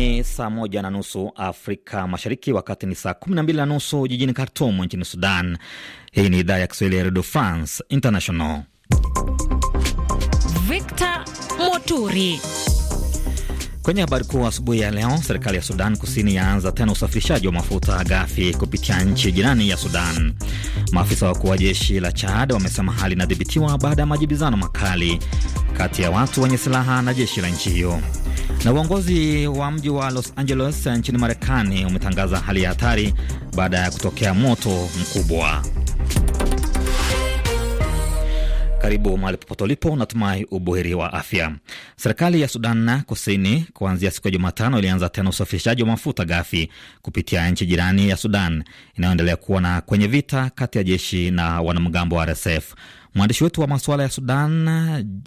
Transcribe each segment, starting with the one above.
Ni saa moja na nusu Afrika Mashariki, wakati ni saa kumi na mbili na nusu jijini Khartum nchini Sudan. Hii ni idhaa ya Kiswahili ya Redio France International. Victor Moturi Kwenye habari kuu asubuhi ya leo, serikali ya Sudan Kusini yaanza tena usafirishaji wa mafuta ghafi kupitia nchi jirani ya Sudan. Maafisa wakuu wa jeshi la Chad wamesema hali inadhibitiwa baada ya majibizano makali kati ya watu wenye silaha na jeshi la nchi hiyo. Na uongozi wa mji wa Los Angeles nchini Marekani umetangaza hali ya hatari baada ya kutokea moto mkubwa. Karibu mahali popote ulipo, natumai ubuheri wa afya. Serikali ya Sudan Kusini kuanzia siku ya Jumatano ilianza tena usafirishaji wa mafuta ghafi kupitia nchi jirani ya Sudan inayoendelea kuwa na kwenye vita kati ya jeshi na wanamgambo wa RSF. Mwandishi wetu wa masuala ya Sudan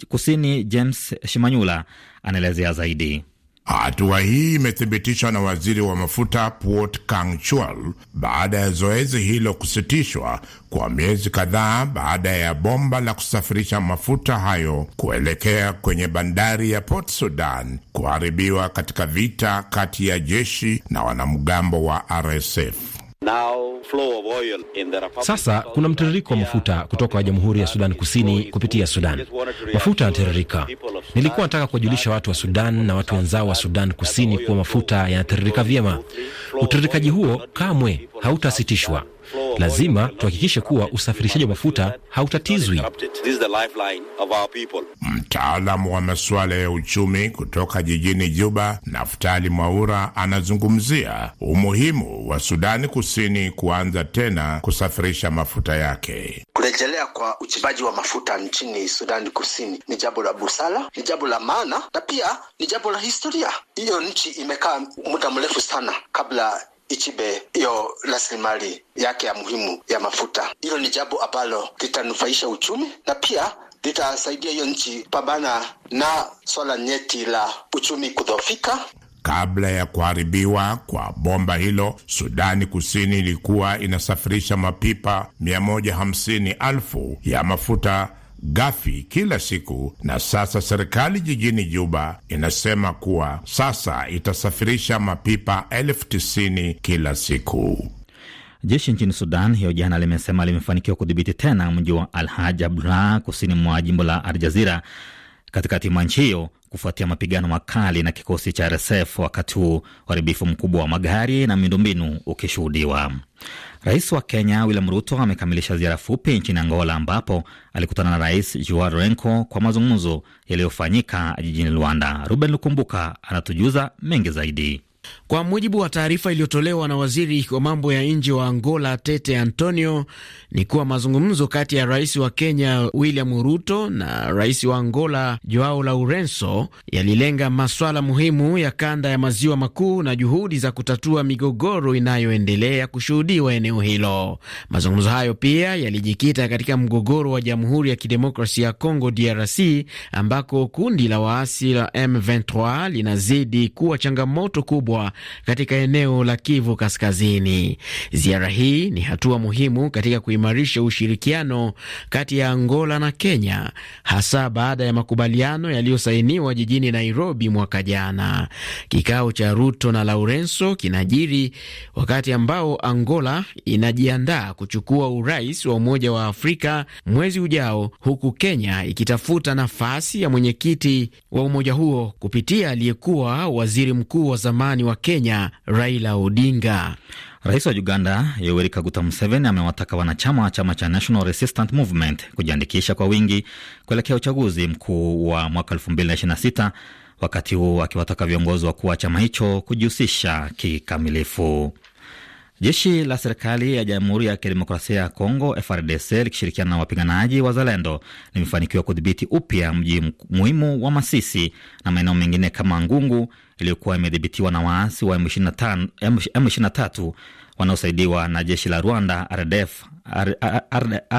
Kusini, James Shimanyula, anaelezea zaidi. Hatua hii imethibitishwa na waziri wa mafuta port Kang baada ya zoezi hilo kusitishwa kwa miezi kadhaa baada ya bomba la kusafirisha mafuta hayo kuelekea kwenye bandari ya Port Sudan kuharibiwa katika vita kati ya jeshi na wanamgambo wa RSF. Sasa kuna mtiririko wa mafuta kutoka Jamhuri ya Sudan Kusini kupitia Sudan. Mafuta yanatiririka. Nilikuwa nataka kuwajulisha watu wa Sudan na watu wenzao wa Sudan Kusini kuwa mafuta yanatiririka vyema. Utiririkaji huo kamwe hautasitishwa. Lazima tuhakikishe kuwa usafirishaji wa mafuta hautatizwi. Mtaalamu wa masuala ya uchumi kutoka jijini Juba, Naftali Mwaura, anazungumzia umuhimu wa Sudani Kusini kuanza tena kusafirisha mafuta yake. Kurejelea kwa uchimbaji wa mafuta nchini Sudani Kusini ni jambo la busara, ni jambo la maana na pia ni jambo la historia. Hiyo nchi imekaa muda mrefu sana kabla ichibe hiyo rasilimali yake ya muhimu ya mafuta. Hilo ni jambo ambalo litanufaisha uchumi na pia litasaidia hiyo nchi pambana na swala nyeti la uchumi kudhofika Kabla ya kuharibiwa kwa bomba hilo, Sudani Kusini ilikuwa inasafirisha mapipa 150,000 ya mafuta ghafi kila siku, na sasa serikali jijini Juba inasema kuwa sasa itasafirisha mapipa elfu tisini kila siku. Jeshi nchini Sudan hiyo jana limesema limefanikiwa kudhibiti tena mji wa alhaj Haj Abdullah kusini mwa jimbo la Aljazira katikati mwa nchi hiyo kufuatia mapigano makali na kikosi cha RSF, wakati huu uharibifu mkubwa wa magari na miundombinu ukishuhudiwa. Rais wa Kenya William Ruto amekamilisha ziara fupi nchini Angola, ambapo alikutana na Rais Joao Lourenco kwa mazungumzo yaliyofanyika jijini Luanda. Ruben Lukumbuka anatujuza mengi zaidi. Kwa mujibu wa taarifa iliyotolewa na waziri wa mambo ya nje wa Angola Tete Antonio ni kuwa mazungumzo kati ya rais wa Kenya William Ruto na rais wa Angola Joao Lourenco yalilenga maswala muhimu ya kanda ya maziwa makuu na juhudi za kutatua migogoro inayoendelea kushuhudiwa eneo hilo. Mazungumzo hayo pia yalijikita katika mgogoro wa Jamhuri ya Kidemokrasia ya Kongo DRC ambako kundi la waasi la M23 linazidi kuwa changamoto kubwa kubwa katika eneo la Kivu Kaskazini. Ziara hii ni hatua muhimu katika kuimarisha ushirikiano kati ya Angola na Kenya, hasa baada ya makubaliano yaliyosainiwa jijini Nairobi mwaka jana. Kikao cha Ruto na Laurenso kinajiri wakati ambao Angola inajiandaa kuchukua urais wa Umoja wa Afrika mwezi ujao, huku Kenya ikitafuta nafasi ya mwenyekiti wa umoja huo kupitia aliyekuwa waziri mkuu wa zamani upinzani wa Kenya Raila Odinga. Rais wa Uganda Yoweri Kaguta Museveni amewataka wanachama wa chama cha National Resistance Movement kujiandikisha kwa wingi kuelekea uchaguzi mkuu wa mwaka 2026 wakati huu akiwataka viongozi wakuu wa chama hicho kujihusisha kikamilifu. Jeshi la serikali ya Jamhuri ya Kidemokrasia ya Kongo FRDC likishirikiana na wapiganaji wa zalendo limefanikiwa kudhibiti upya mji muhimu wa Masisi na maeneo mengine kama Ngungu iliyokuwa imedhibitiwa na waasi wa M23 wanaosaidiwa na jeshi la Rwanda RDF,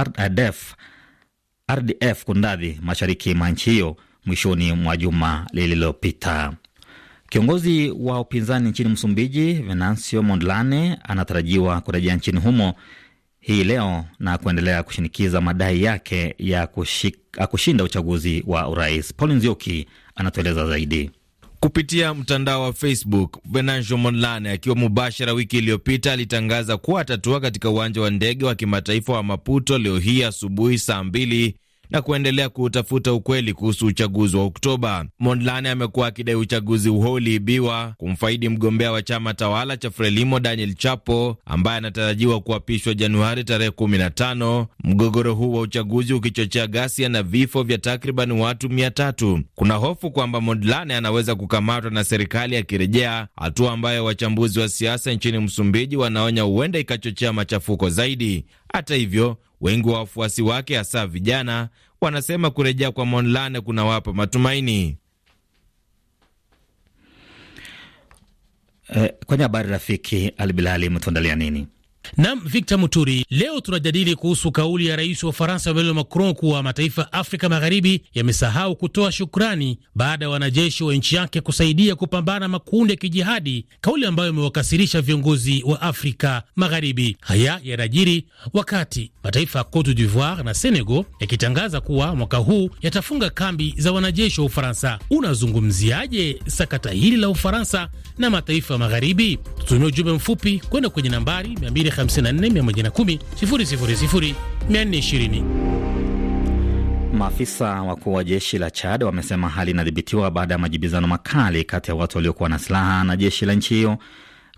RDF, RDF kundadhi mashariki mwa nchi hiyo mwishoni mwa juma lililopita. Kiongozi wa upinzani nchini Msumbiji Venancio Mondlane anatarajiwa kurejea nchini humo hii leo na kuendelea kushinikiza madai yake ya kushik, kushinda uchaguzi wa urais. Paul Nzioki anatueleza zaidi. Kupitia mtandao wa Facebook, Venancio Mondlane akiwa mubashara wiki iliyopita alitangaza kuwa atatua katika uwanja wa ndege wa kimataifa wa Maputo leo hii asubuhi saa mbili na kuendelea kuutafuta ukweli kuhusu uchaguzi wa Oktoba. Mondlane amekuwa akidai uchaguzi huo uliibiwa kumfaidi mgombea wa chama tawala cha Frelimo Daniel Chapo ambaye anatarajiwa kuapishwa Januari tarehe 15, mgogoro huu wa uchaguzi ukichochea ghasia na vifo vya takriban watu mia tatu. Kuna hofu kwamba Mondlane anaweza kukamatwa na serikali akirejea, hatua ambayo wachambuzi wa siasa nchini Msumbiji wanaonya huenda ikachochea machafuko zaidi. Hata hivyo Wengi wa wafuasi wake hasa vijana wanasema kurejea kwa monlane kunawapa matumaini. Eh, kwenye habari rafiki, Albilali mtuandalia nini? Nam Victor Muturi, leo tunajadili kuhusu kauli ya rais wa Ufaransa Emmanuel Macron kuwa mataifa ya Afrika Magharibi yamesahau kutoa shukrani baada ya wanajeshi wa nchi yake kusaidia kupambana makundi ya kijihadi, kauli ambayo imewakasirisha viongozi wa Afrika Magharibi. Haya yanajiri wakati mataifa ya Cote d'Ivoire na Senegal yakitangaza kuwa mwaka huu yatafunga kambi za wanajeshi wa Ufaransa. Unazungumziaje sakata hili la Ufaransa na mataifa Magharibi? Tutumia ujumbe mfupi kwenda kwenye nambari Maafisa wakuu wa jeshi la Chad wamesema hali inadhibitiwa baada ya majibizano makali kati ya watu waliokuwa na silaha na jeshi la nchi hiyo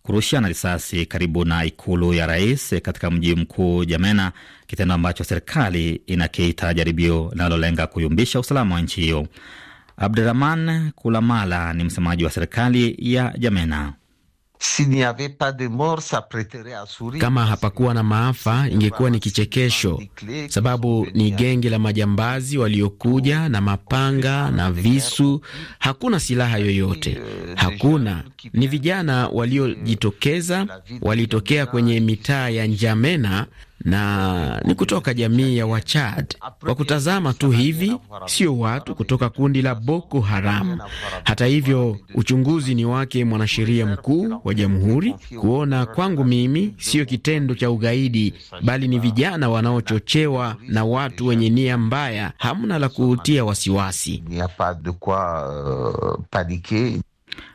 kurushiana risasi karibu na ikulu ya rais katika mji mkuu Jamena, kitendo ambacho serikali inakiita jaribio linalolenga kuyumbisha usalama wa nchi hiyo. Abdurahman Kulamala ni msemaji wa serikali ya Jamena. Kama hapakuwa na maafa ingekuwa ni kichekesho, sababu ni genge la majambazi waliokuja na mapanga na visu. Hakuna silaha yoyote, euh, hakuna. Ni vijana waliojitokeza, walitokea kwenye mitaa ya Njamena na ni kutoka jamii ya Wachad. Kwa kutazama tu hivi, sio watu kutoka kundi la Boko Haram. Hata hivyo, uchunguzi ni wake mwanasheria mkuu wa jamhuri. Kuona kwangu mimi, sio kitendo cha ugaidi, bali ni vijana wanaochochewa na watu wenye nia mbaya. Hamna la kuutia wasiwasi. Euh,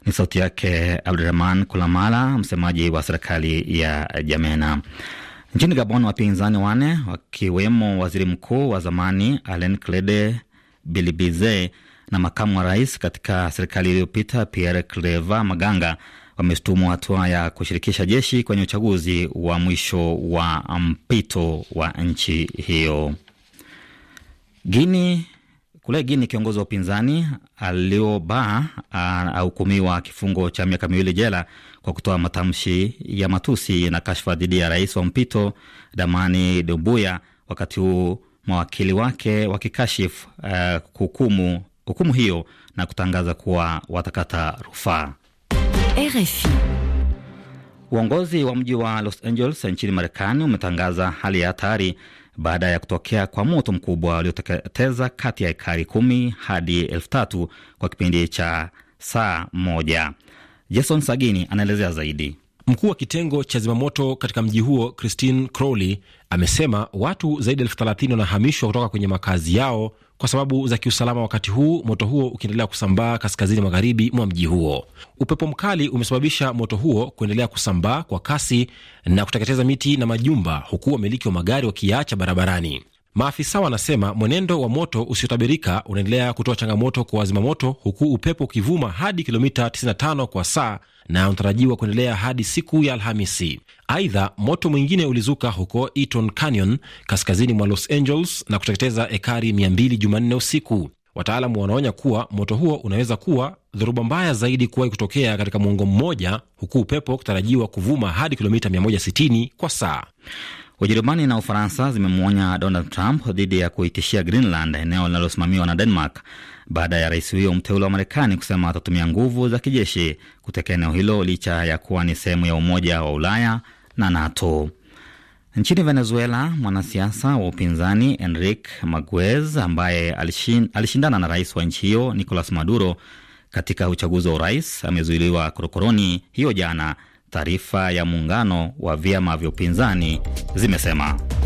ni sauti yake Abdurahman Kulamala, msemaji wa serikali ya Jamena. Nchini Gabon, wapinzani wane wakiwemo waziri mkuu wa zamani Alain Clede Bilibize na makamu wa rais katika serikali iliyopita Pierre Cleva Maganga wameshtumu hatua ya kushirikisha jeshi kwenye uchaguzi wa mwisho wa mpito wa nchi hiyo. Guinea kule Guini, kiongozi wa upinzani Aliobaa ahukumiwa kifungo cha miaka miwili jela kwa kutoa matamshi ya matusi na kashfa dhidi ya rais wa mpito Damani Dumbuya, wakati huu mawakili wake wakikashifu uh, hukumu, hukumu hiyo na kutangaza kuwa watakata rufaa. RFI. Uongozi wa mji wa Los Angeles nchini Marekani umetangaza hali ya hatari baada ya kutokea kwa moto mkubwa ulioteketeza kati ya ekari kumi hadi elfu tatu kwa kipindi cha saa moja. Jason Sagini anaelezea zaidi. Mkuu wa kitengo cha zimamoto katika mji huo Christine Crowley amesema watu zaidi ya elfu thelathini wanahamishwa kutoka kwenye makazi yao kwa sababu za kiusalama, wakati huu moto huo ukiendelea kusambaa kaskazini magharibi mwa mji huo. Upepo mkali umesababisha moto huo kuendelea kusambaa kwa kasi na kuteketeza miti na majumba, huku wamiliki wa magari wakiacha barabarani. Maafisa wanasema mwenendo wa moto usiotabirika unaendelea kutoa changamoto kwa wazimamoto, huku upepo ukivuma hadi kilomita 95 kwa saa na unatarajiwa kuendelea hadi siku ya Alhamisi. Aidha, moto mwingine ulizuka huko Eaton Canyon kaskazini mwa Los Angeles na kuteketeza ekari 200 Jumanne usiku. Wataalamu wanaonya kuwa moto huo unaweza kuwa dhoruba mbaya zaidi kuwahi kutokea katika mwongo mmoja, huku upepo ukitarajiwa kuvuma hadi kilomita 160 kwa saa. Ujerumani na Ufaransa zimemwonya Donald Trump dhidi ya kuitishia Greenland, eneo linalosimamiwa na Denmark, baada ya rais huyo mteule wa Marekani kusema atatumia nguvu za kijeshi kutekea eneo hilo licha ya kuwa ni sehemu ya Umoja wa Ulaya na NATO. Nchini Venezuela, mwanasiasa wa upinzani Enrique Maguez ambaye alishin, alishindana na rais wa nchi hiyo Nicolas Maduro katika uchaguzi wa urais amezuiliwa korokoroni hiyo jana taarifa ya muungano wa vyama vya upinzani zimesema.